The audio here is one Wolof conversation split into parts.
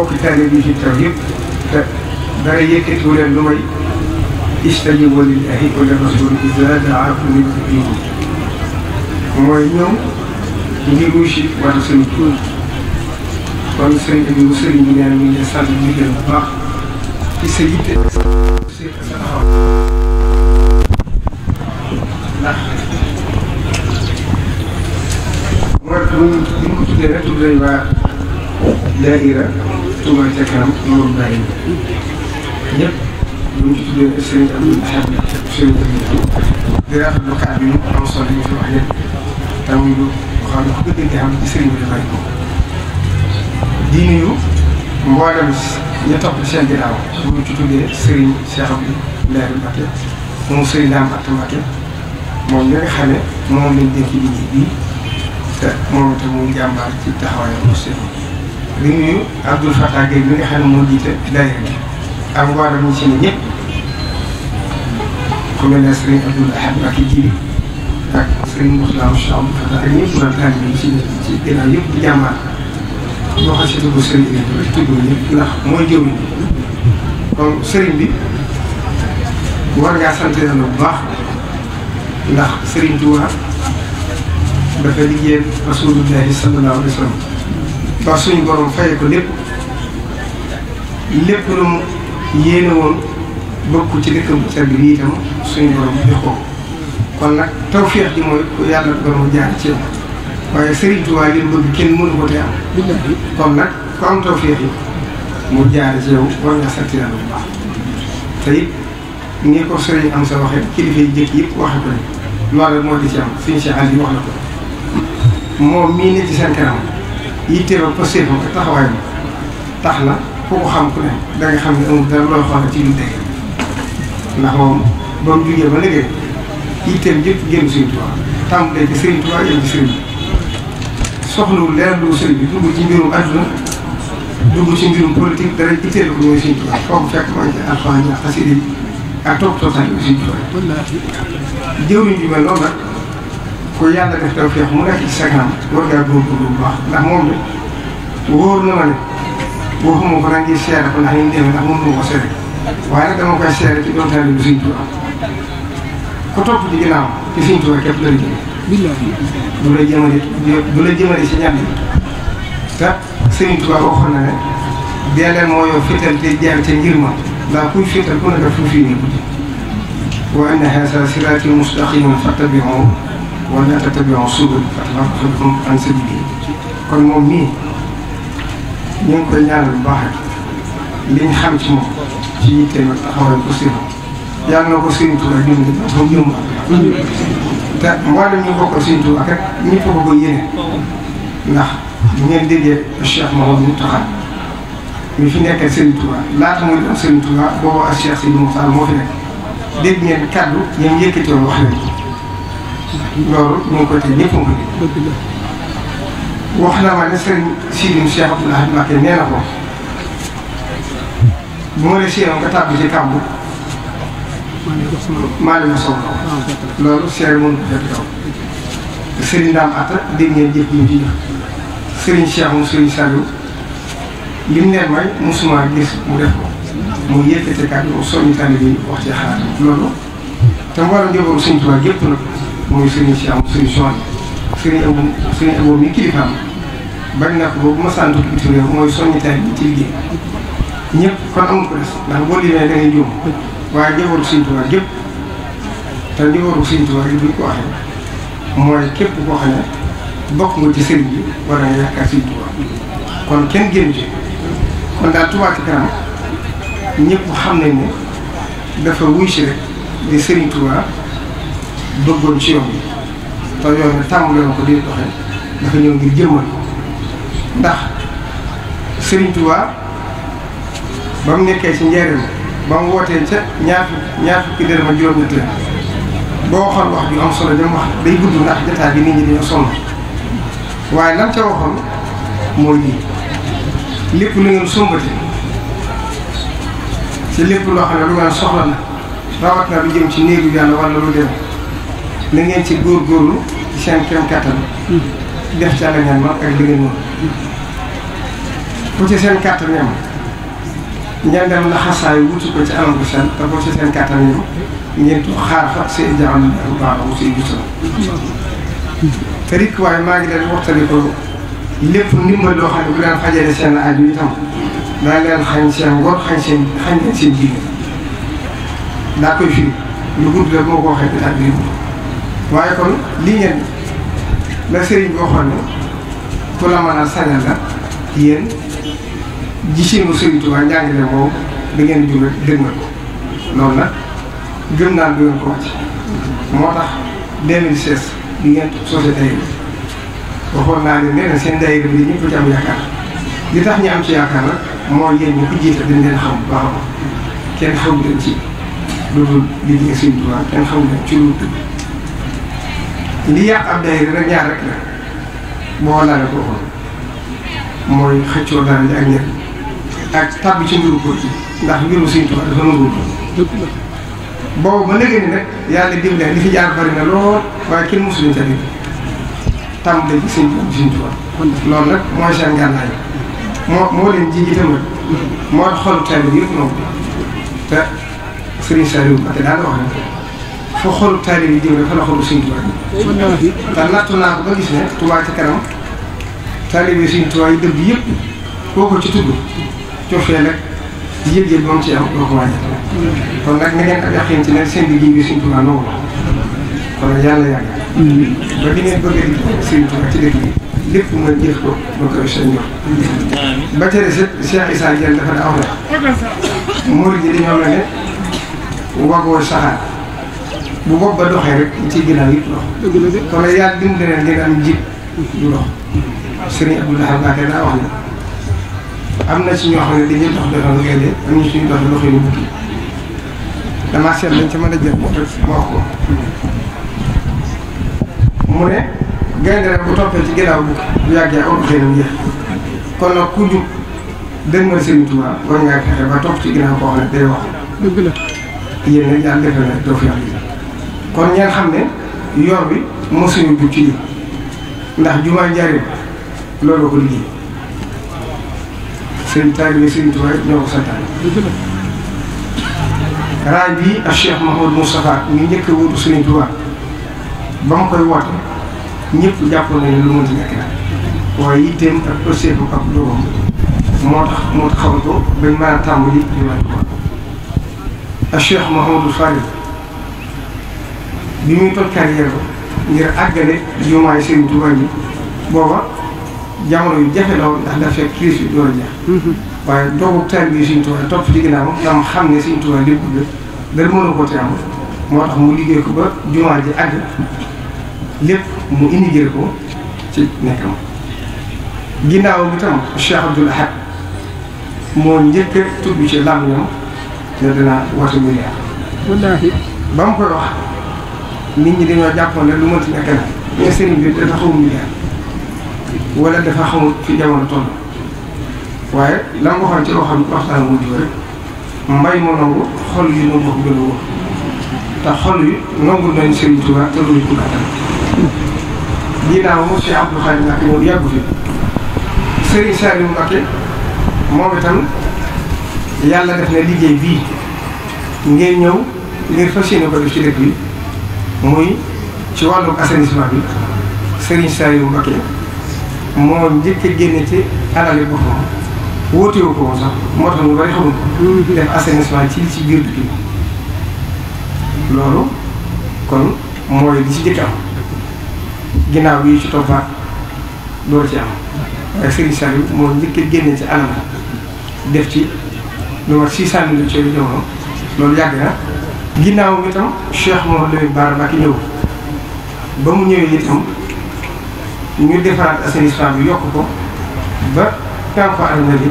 bokk taalibe yi fi taw yëpp te dara yëkkatiwu leen lu may istajiibu lillaahi wa lirrasuuli izaa da'aakum limaa yuhyiikum mooy ñoom ngi wuyu si wàllu seen tur kon sëriñ bi bu sëriñ bi nee na ñu ngi sant di leen bu baax ci sa yitte ndax mooy bu ñu ko tuddee rek tuddee waa daayira Touba ca kanam moom bàyyi ñëpp ñu ngi tuddee sëriñ sëriñ am solo yi am ci ci tuddee sëriñ mu jàmbaar di nuyu Abdoul Fattah Gueye bi nga xam ne moo jiite daayira bi ak mboolem ñi ci ne ku ne Serigne Abdoul Ahad Mbacké Djibi ak Serigne Moussa Moussa Abdoul Fattah ak ñëpp doon taal bi ci ci ginnaaw yëpp di jàmbaar boo xam si dugg Serigne bi rek tudd ñëpp ndax mooy bi war ngaa sant yàlla bu baax ndax Serigne Touba dafa liggéeyal Rasulullahi sallallahu alayhi wa sallam ba suñu borom fayee ko lépp lépp lu mu yéene woon bokk ci dëkkam bu tedd bi itam suñu borom jox kon nag tawféex ji mooy ku yàlla borom jaar ci yow waaye Serigne Touba li mu bëgg kenn mënu ko te am. kon nag ku am tawféex yi mu jaar ci yow war nga sant yàlla bu te it ni ko Serigne am sa waxee kilifa yi jëkk yëpp waxe ko ni loolu rek moo di ci am suñu si àll yi wax na ko moom mii ne ci seen kanam. yitteem ak pastéefam ak taxawaayam tax na ku ko xam ku ne danga xam ne amul dara looy xool ba mu jugee ba léegi yitteem yëpp génn Sëriñ Tuubaa tàmbalee ci Sëriñ Tuubaa yëpp ci bi soxlawul leneen lu sëriñ bi dugg ci mbirum adduna dugg ci mbirum politique dara itteel ko ñooy Sëriñ Tuubaa fekk maa ci ak xasida yi ak topp tootaan yi Sëriñ Tuubaa bi mel noonu nag ko yàlla def tawfeex mu nekk ci sa kanam war ngaa góorgóorlu bu baax ndax moom de wóor na ma ne waxuma ko da seere ko ndax ngeen demee ndax mënuma ko seere waaye nag dama koy seere ci doon taalibu Sëriñ Tuubaa ku topp ci ginnaaw ci Sëriñ Tuubaa képp la jëm. bu ndax kuy féetal ku nekk fu fii nii. wa anna haazaa siraatii mustaqiiman fattabi'uuhu wala tattabi'u subula fataraqqakum an sabiilihi kon moom mii ñu ngi koy ñaanal bu baax li ñu ko seen mu a ko ngeen déggee Cheikh Mawone fi nekkee Serigne laata muy doon Serigne Touba boobu ak Cheikh Sidi nekk dégg ngeen kaddu yéen yëkkati wax leen loolu ñu ngi koy tey ñëpp a wax na ma ne sëñ Sidim Cheikh Abdoul Ahad Mbacké nee na ko bu ma la séeroon nga tàbbi ci kàmb. maa ngi dox ah, loolu seere mënu ko dégg ngeen jëf ñu ci jox Serigne Cheikh mu li mu ne may musuma gis mu def ko. mu yëkkati kàddu soññu tànn bi wax ci xalaat loolu. te mu war a njaboot Serigne Touba gépp nag. muy Serigne Cheikh am Serigne Soine Serigne Abou Serigne Abou mi kilifaam bari na ko boobu ma sant bitim réew mooy soññi tay bi ci liggéey ñëpp kon amul ko des ndax boo limee mooy képp koo xam ne bokk nga ci Serigne bi wala nga yaakaar Serigne Touba kon kenn génn ci kon daal Touba ci kanam ñëpp xam nañ ne dafa wuy si rek di Serigne Touba. duggoon ci yow bi te yow nag tàmbale ma ko di doxee dafa ñëw ngir jëmmal ndax Serigne Touba ba mu nekkee ci njëriñ ba mu wootee ca ñaar fukki dërëm ak juróom-ñett boo waxoon wax ju am solo jëm wax day gudd ndax jotaay bi nit ñi dañoo sonn waaye lan ca waxoon mooy lii lépp lu ngeen sombati ci lépp loo xam ne lu ngeen soxla na rawat na lu jëm ci néegu yàlla wala lu dem na ngeen ci góorgóorlu ci seen kéem kattan. def ci àll ngeen man ak seen kattan yam ngeen dem na wutu ko ci anam bu seen te ku ci seen kattan yam ngeen tu xaar fa seen jaxam bu baax a wutu gisoo te maa ngi leen waxtali ko lépp ndimbal loo xam bu leen fajale seen aju itam daa leen xañ seen ngor seen xañ leen seen jiw daa koy firi lu gudd la moo ko waxee bi ak waaye kon lii ngeen la sëriñ bi waxoon ne ku la mën a sañal la yéen gisinu sëriñ Tuubaa njàngale moom da ngeen jur rek dégg ko loolu nag gëm naa du ngeen ko wàcc moo tax 2016 di ngeen soote dayu waxoon naa ne nee na seen dayu bi ñëpp ci am yaakaar li tax ñu am ci yaakaar nag moo yéen ñu ko jiite dañ leen xam bu baax a baax kenn xamu leen ci loolu liggéey sëriñ Tuubaa kenn xamu leen ci lu dëgg li yàq ab daayira rek ñaar rek la moo laale ko waxoon mooy xëccoo dara ji ak ñett ak tàbbi ci mbiru góor ndax mbiru Sëñ Tuubaa ko. boobu ba léegi ni nag yàlla dimbalee li fi jaar bari na lool waaye kenn mosu leen ca dégg tàmbale ci Sëñ Tuubaa loolu nag mooy seen gànnaay moo moo leen ji itam nag moo xolu tey bi yëpp noonu te Serigne Saliou Mbacké daal di wax ne. fa xolu taalib yi jëm fa la xolu Sëñ Tuubaa yi. te nattu naa kanam taalib yi Sëñ yi dëgg yëpp kooku ci tudd cofee nag yëg-yëg ci am doo kon nag na ngeen am yaqin ci ne seen liggéey bi Sëñ Tuubaa noonu la kon yàlla yàgg. Mm-hmm. ba di ngeen a di Sëñ Tuubaa ci dëkk bi lépp mooy jëf ko ba koy sëñ wax. ba tere Cheikh Issa Diène dafa ne aw na. murid yi dañoo mel ne wagoo saxaar. bu bopp ba doxee rek li ci ginnaaw yëpp dox. dëgg la de kon yàlla dimbali leen ngeen am njiit du dox. Serigne Abdou Lahad Mbacké daa wax ne am na ci ñoo xam ne dañuy dox doxal nga de am na suñu dox doxee bu kii damaa seet lañ ci mën a jël bopp rek ma wax ko. mu ne gaynde rek bu toppee ci ginnaaw bu bu yàggee aw xëy na mu jeex kon nag ku jub dëgmal Serigne Touba war ngaa fexe ba topp ci ginnaaw koo xam ne day wax. dëgg la yéen yàlla defal na doo fi am kon ñi xam ne yor bi mosuñu bu ci lii ndax jumaa njariñ loolu ko liggéey seen taalibe seen tubaab ñoo ko santaane raay bii ak Cheikh Mahmoud Moustapha ñu njëkk a wutu seen tubaab ba mu koy woote ñëpp jàpp nañu lu mënti nekk la waaye yitteem ak procès bu ak doomam moo tax moo taxawal ko bañ mën a tàmbali jumaa ji ak Cheikh Mahmoud Farid bi muy toj carrière ba ngir àggale jumaay seen Tuubaa yi booba jamono yu jafe la ndax dafa fekk crise bi door a jeex mhm. waaye doogu taal bi Sëriñ Tuubaa topp ci ginnaawam dama xam ne Sëriñ Tuubaa lépp dara mënu ko te am moo tax mu liggéey ko ba jumaa ji àgg lépp mu indi ko ci nekkam ginnaaw bi tam Cheikh Abdoul Ahad moo njëkk a tudd ci làmb ñoom ne dinaa watu milliard wallaahi ba mu koy wax nit ñi dañoo jàppoon ne lu mënut a nekkal mais sëriñ bi dafa xamul miliyaar wala dafa xamul fi jamono toll waaye la nga waxoon ci loo xam waxtaan wu ñu rek ma nangu xol yi ñoo bokk a wóor te xol yi nangu nañ sëriñ Tuubaa te loolu ko gàttal. ginnaaw moom si Abdou Khadre ñëw yàggu fi moom itam yàlla def na liggéey bii ngeen ñëw ngir fas ko def ci dëkk bi. muy ci wàllu assainissement bi Serigne Saliou Mbacké moo njëkk a génne ci alali boppam wóotewu ko woon sax moo tax ñu bari xamul ko mm-hmm. def assainissement ci ci biir dëkk loolu kon mooy li ci jëkk am ginnaaw bi ci toppaat door ci am waaye Serigne Saliou moo njëkk génne ci alal def ci lu war six cent mille ci loolu yàgg na ginnaaw bi tam Cheikh Mouhamadou Lamine Bara Mbacké ñëw ba mu ñëwee itam ñu defaraat assainissement bi yokk ko ba Kanko Arenali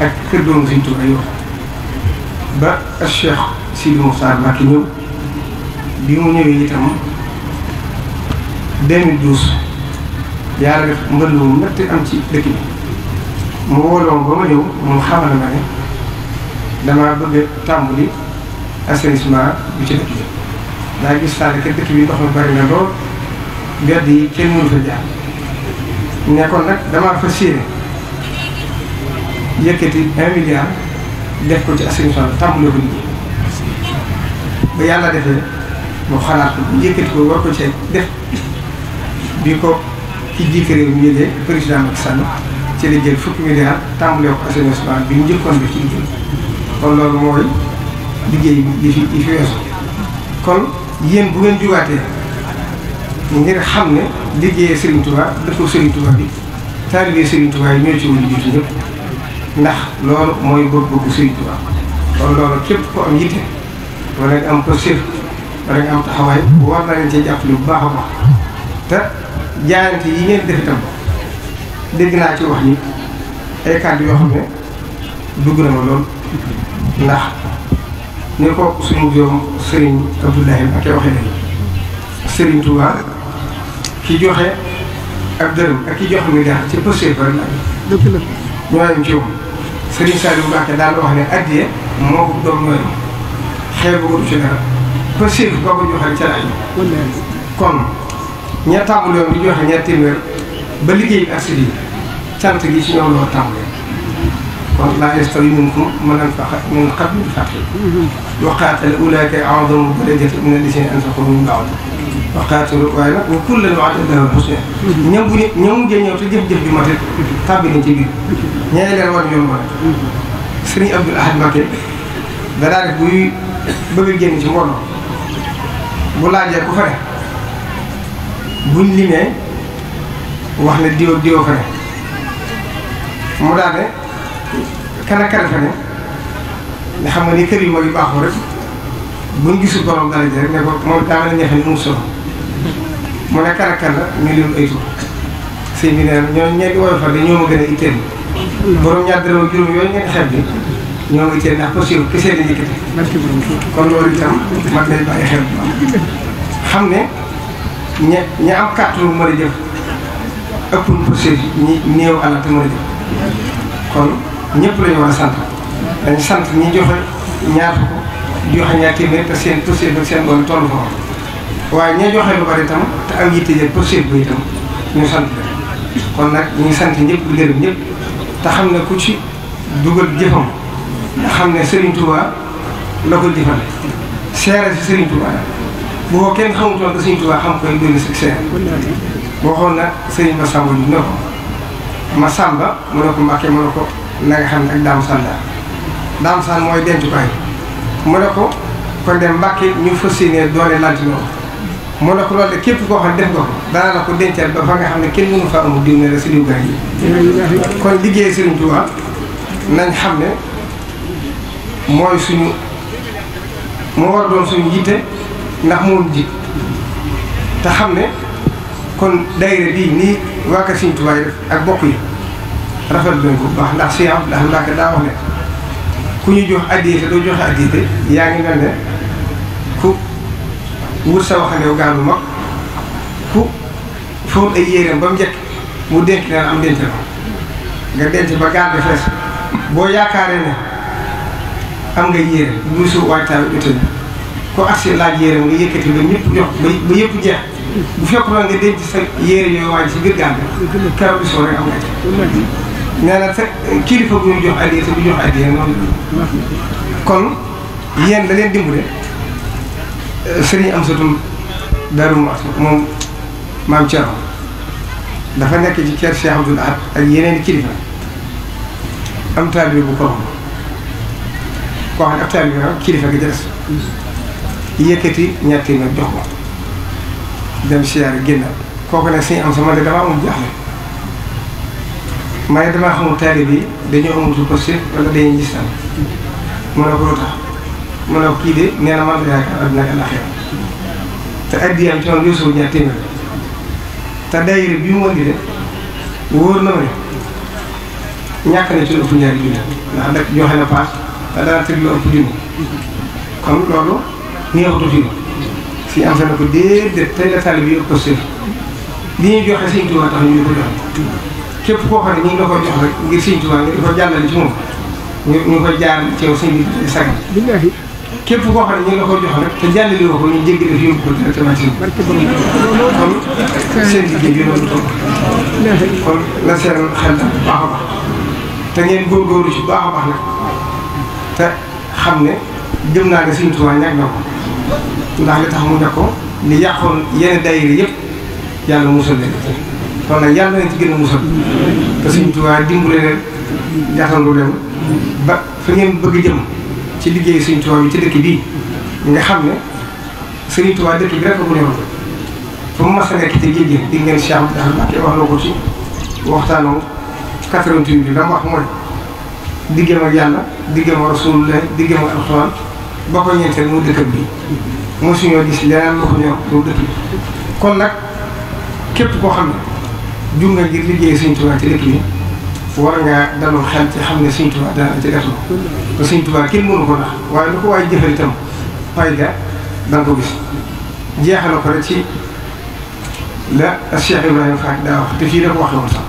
ak kër doomu Sëriñ Tuubaa yokk ba ak Cheikh Sidi Mokhtar Mbacké ñëw bi mu ñëwee itam 2012 yàlla def mbënd mu métti am ci dëkk bi mu wóoloon ba ma ñëw mu xamal ma ne damaa bëgg tàmbali. assainissement bu ci dëkk bi daa gis saa ne dëkk bi ndox mi bari na lool mbedd yi kenn mënu fa jaar nekkoon nag damaa fa séeré yëkkati un milliard def ko ci assainissement bi tàmbale ko nii ba yàlla defee mu xalaat ko yëkkati ko war ko ci def bi ko ki jiite réew mi yëgee président Macky Sall ci la jël fukki milliard tàmbale ko assainissement bi ñu njëkkoon bi ci liggéey kon loolu mooy liggéey yi fi yi fi weesu kon yéen bu ngeen jugaatee ngir xam ne liggéeyee Serigne Touba dëppoo Serigne bi taalibe Serigne yi ñoo ci woon jiitu ñëpp ndax loolu mooy bëgg-bëggu Serigne Touba kon loolu képp ko am yitte wala nga am posture wala nga am taxawaay war na leen cee jàppale bu baax a baax te jaayante yi ngeen def itam dégg naa ci wax ni ay kàddu yoo xam ne dugg na ma lool ndax. ne ko suñu joom Serigne Abdoulahi Mbacké ni léegi Serigne Touba ki joxe ak dërëm ak ki jox milliard ci poche bari na dëgg la ñoo yem ci moom Serigne Saliou Mbacké daal wax ne addiye moo ko doom ñoo yem xeebu ko du ci dara poche boo ko joxee ca laaj kon ña tàmbali woon di joxe ña téeméer ba liggéey ak si cant gi ci ñoom loo tàmbalee kon laa yastawi minkum man anfaqa min qabli al-fathi wa qaatala ulaa'ika a'zamu darajatan mina allaziina anfaqu min ba'du wa a génn ci mbooloo fa ne buñ wax ne diwa diwa fa ne daane kala kala fa ne nga xam ne kër yu mag yu baaxoo rek buñ gisul borom dara ji rek moom daanaka ñax ni mu solo mu ne ñu lim ay tur sëñ bi nee na ñooñu ñeenti woyofal ñoo ma gën a itteel bi ñoo ngi itteel ndax possible kese la yëkkati kon loolu itam man day bàyyi xel xam ne ña a jëf ëpp possible ñi néew àll te mën a jëf kon. ñëpp lañu war a sant dañ sant ñi joxe ñaar ko joxe ñaar téeméer te seen possible ak seen doole tollu fa waaye ña joxe lu bari kon nag ñu sant ñëpp di te xam ne ku ci dugal jëfam xam ne Serigne Touba la ko jëfale seere si Serigne kenn xamutoon te Serigne Touba xam koy boo xool nag Serigne Massamba ñu ne ko Massamba mu ne ko na xam ne ak daam saan la daam saan mooy dencukaay mu ne ko kon dem mbàkki ñu fas yéene doone lantinoo mu ne ko loolu de képp koo xam ne def nga ko dana la ko dencal ba fa nga xam ne kenn mënu fa amul diw ne la si yi kon liggéey Sëriñ Tuubaa nañ xam ne mooy suñu moo war doon suñu yitte ndax moom ji te xam ne kon daayira bii ni waa kër Sëriñ ak bokk yi rafet nañ ko baax ndax Cheikh Abdoulaye Mbacke daa wax ne ku ñu jox addiya te doo joxe addiya te yaa ngi mel ne ku wut sa waxandew gaal bu mag ku fóot ay yéeréem ba mu njëkk mu denc leen am denc la nga denc ba gaal bi fees boo yaakaaree ne am nga yéeréem bu su waajtaay bi jotee ko accès yére yéeréem nga yëkkati ba ñëpp jox ba yëpp jeex. bu fekkoon nga denc sa yére yooyu waaj si biir gaal bi keroog bi soo rek am nga nee na te kilifa bu jox addiya te bu jox addiya noonu kon yéen da leen dimbale sëriñ am satum Daaru Muxti moom maam Thierno dafa nekk ci kër Cheikh Abdoul Ahad ak yeneen kilifa am taalibe bu ko koo xam ne ab taalibe bi kilifa gi jëles yëkkati ñetti na jox ko dem siyaare génn kooku ne sëñ am sa man de damaa amul jaaxle waaye damaa xamul taalib yi dañoo amatul posté wala dañuy gis naan mu ne ko tax mu ne ko kii de nee na man la yaakaar àdduna ak àllaaxira te addiyaam ci man yoosuwul ñaar téeméer te daayira bi mu andi de wóor na ma ne ñàkk na ci lu ëpp ñaari junni ndax nag joxe na paas te dana teg lu ëpp junni kon loolu neexutu fi si am sa ko déedéet tey la taalib yi ëpp posté li ñuy joxe Sëñ Tuubaa tax ñu ko joxe. képp koo xam ne ñu ngi la koy jox rek ngir Sëñ Tuubaa nga di ko jàllale ci moom ñu ñu koy jaar ci yow sëñ bi sag képp koo xam ne ñu ngi la koy jox rek te jàllale woo ko ñu jéggi def yóbbu ko directement ci kon seen liggéey bi noonu seen te ngeen góorgóorlu ci a baax nag te xam ne gëm naa ne Sëñ Tuubaa ñàkk na ko ndax li tax mu ñàkk ko li yàqoon yenn daayira yëpp yàlla musal leen kon nag yàlla na ci gën a suñu Tuubaa dimbale leen jaaxandu bëgg jëm ci liggéey suñu Tuubaa bi ci dëkk bii nga xam ne suñu Tuubaa dëkk bi rek ko newoon fu mu mas waxtaanu 88 bi la mu wax mooy diggam ak yàlla diggam ak Rasulullah diggam ko ñeenteel mu dëkk bi kon nag képp koo xam ne jur nga ngir liggéey Sëñ Tuubaa ci dëkk bi war ngaa daloon xel ci xam ne Sëñ Tuubaa dana ci def loo te Sëñ Tuubaa kenn mënu ko nax waaye lu ko waay ko gis jeexal ko la wax te ko waxee woon sax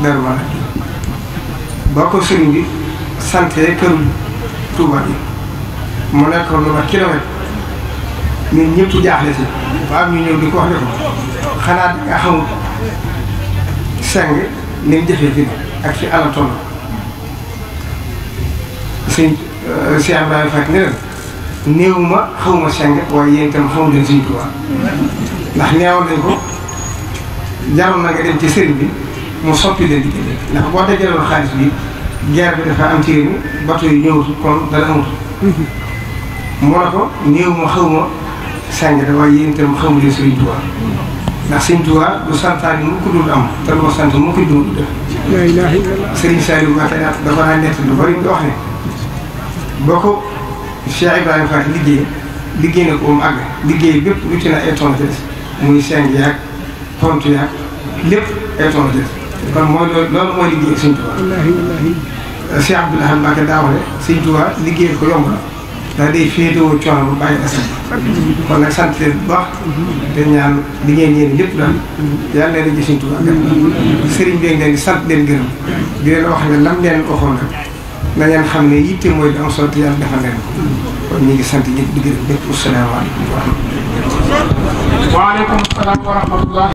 ma ba ko sëriñ bi sante kër Touba bi mu ñëpp jaaxle si ba am ñu ñëw di ko wax ne ko xanaa nga xamul sàng ni mu jafee fii ak fi alal toll sëñ si euh, Abdoulaye Fack ne leen néew ma xaw ma sàng waaye yéen itam xaw ma leen Sëñ Tuubaa ndax neewal nañ ko jaroon na nga dem ci sëriñ bi mu soppi leen di jëndee ndax boo dajaloon xaalis bi guerre bi dafa am ci réew mi bato yi ñëwatu kon dara amatu moo ne ko néew ma xaw ma sàng waaye yéen itam xaw ma leen Sëñ Tuubaa ndax sëñ Tuubaa du santaani mu ko dul am te loo sant mu ko dul def sëriñ Saliou Mbacké naat dafa naa nett lu bari di wax ne boo liggéey liggéey na ko ba àgg liggéey bépp lu na ay tontu muy seng yaag tontu yaag lépp ay tontu des kon mooy loolu loolu mooy liggéey sëñ Tuubaa Cheikh Abdoul Ahad Mbacké daa wax liggéey ko yomb na ndax day féetewoo coono bu bàyyi askan kon nag sant leen bu baax te ñaan li ngeen yéen ñëpp daal yàlla leen di jëfiñ tubaab sëriñ bi ngeen di sant leen gërëm di leen wax ne lan leen waxoon rek na ngeen xam ne yitte mooy li am solo te yàlla defal leen ko kon ñu ngi sant ñëpp di gërëm ñëpp asalaamaaleykum wa rahmatulah. waaleykum salaam wa